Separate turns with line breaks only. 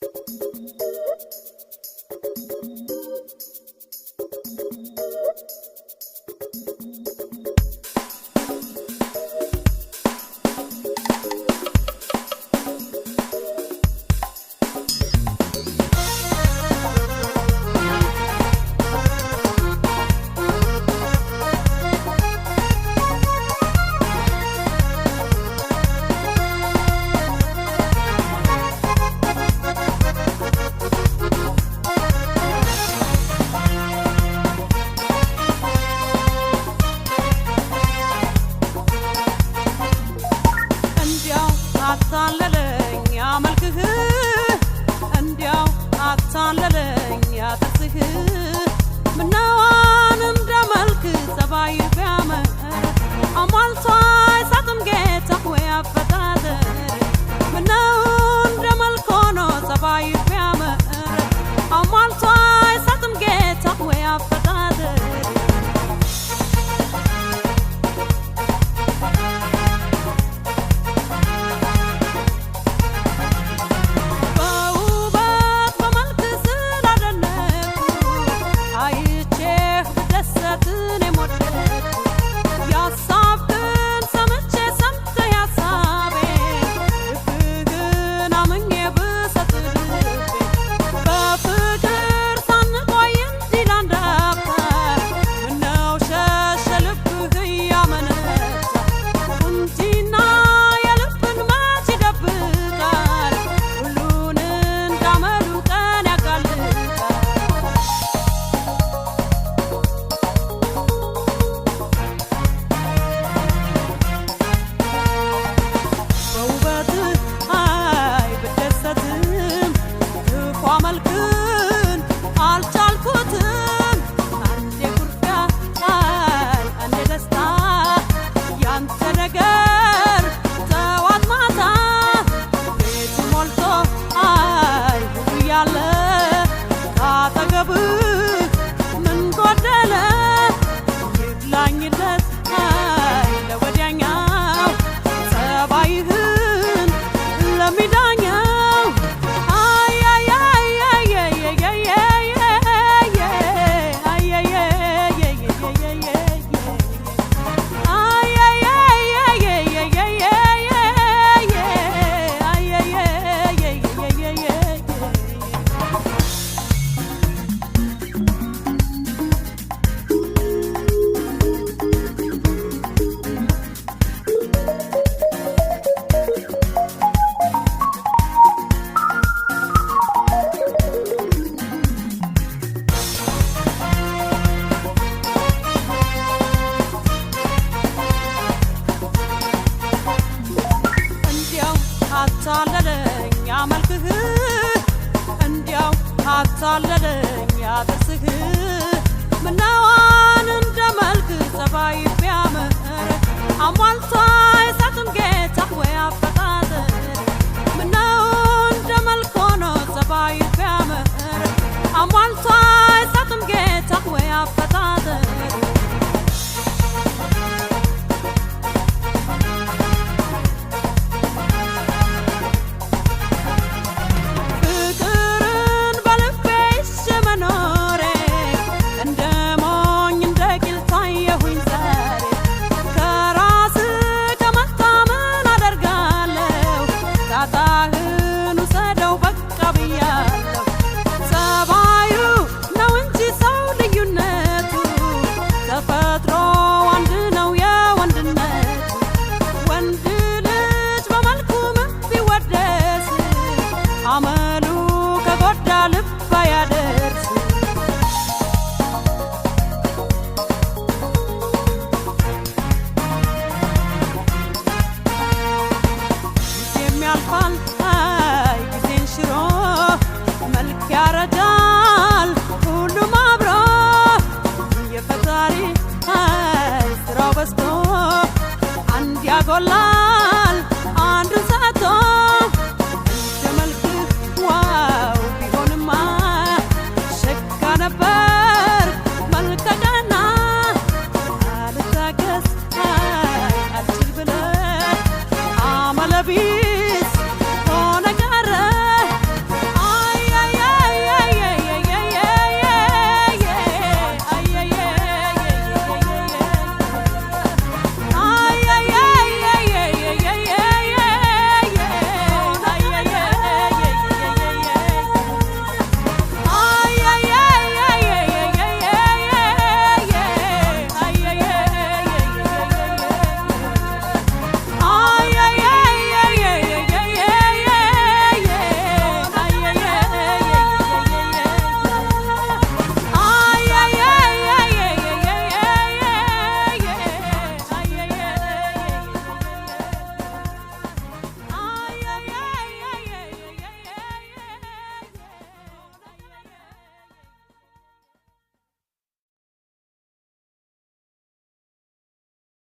Thank you. ሳመልክ አታለለኝ ያጥርስህ ምናው አመሉ ከጎዳ ልባ ያደርስ ጊዜም መልክ ያረጃል ሁሉም አብሮ ስራው አንድ ያጎላል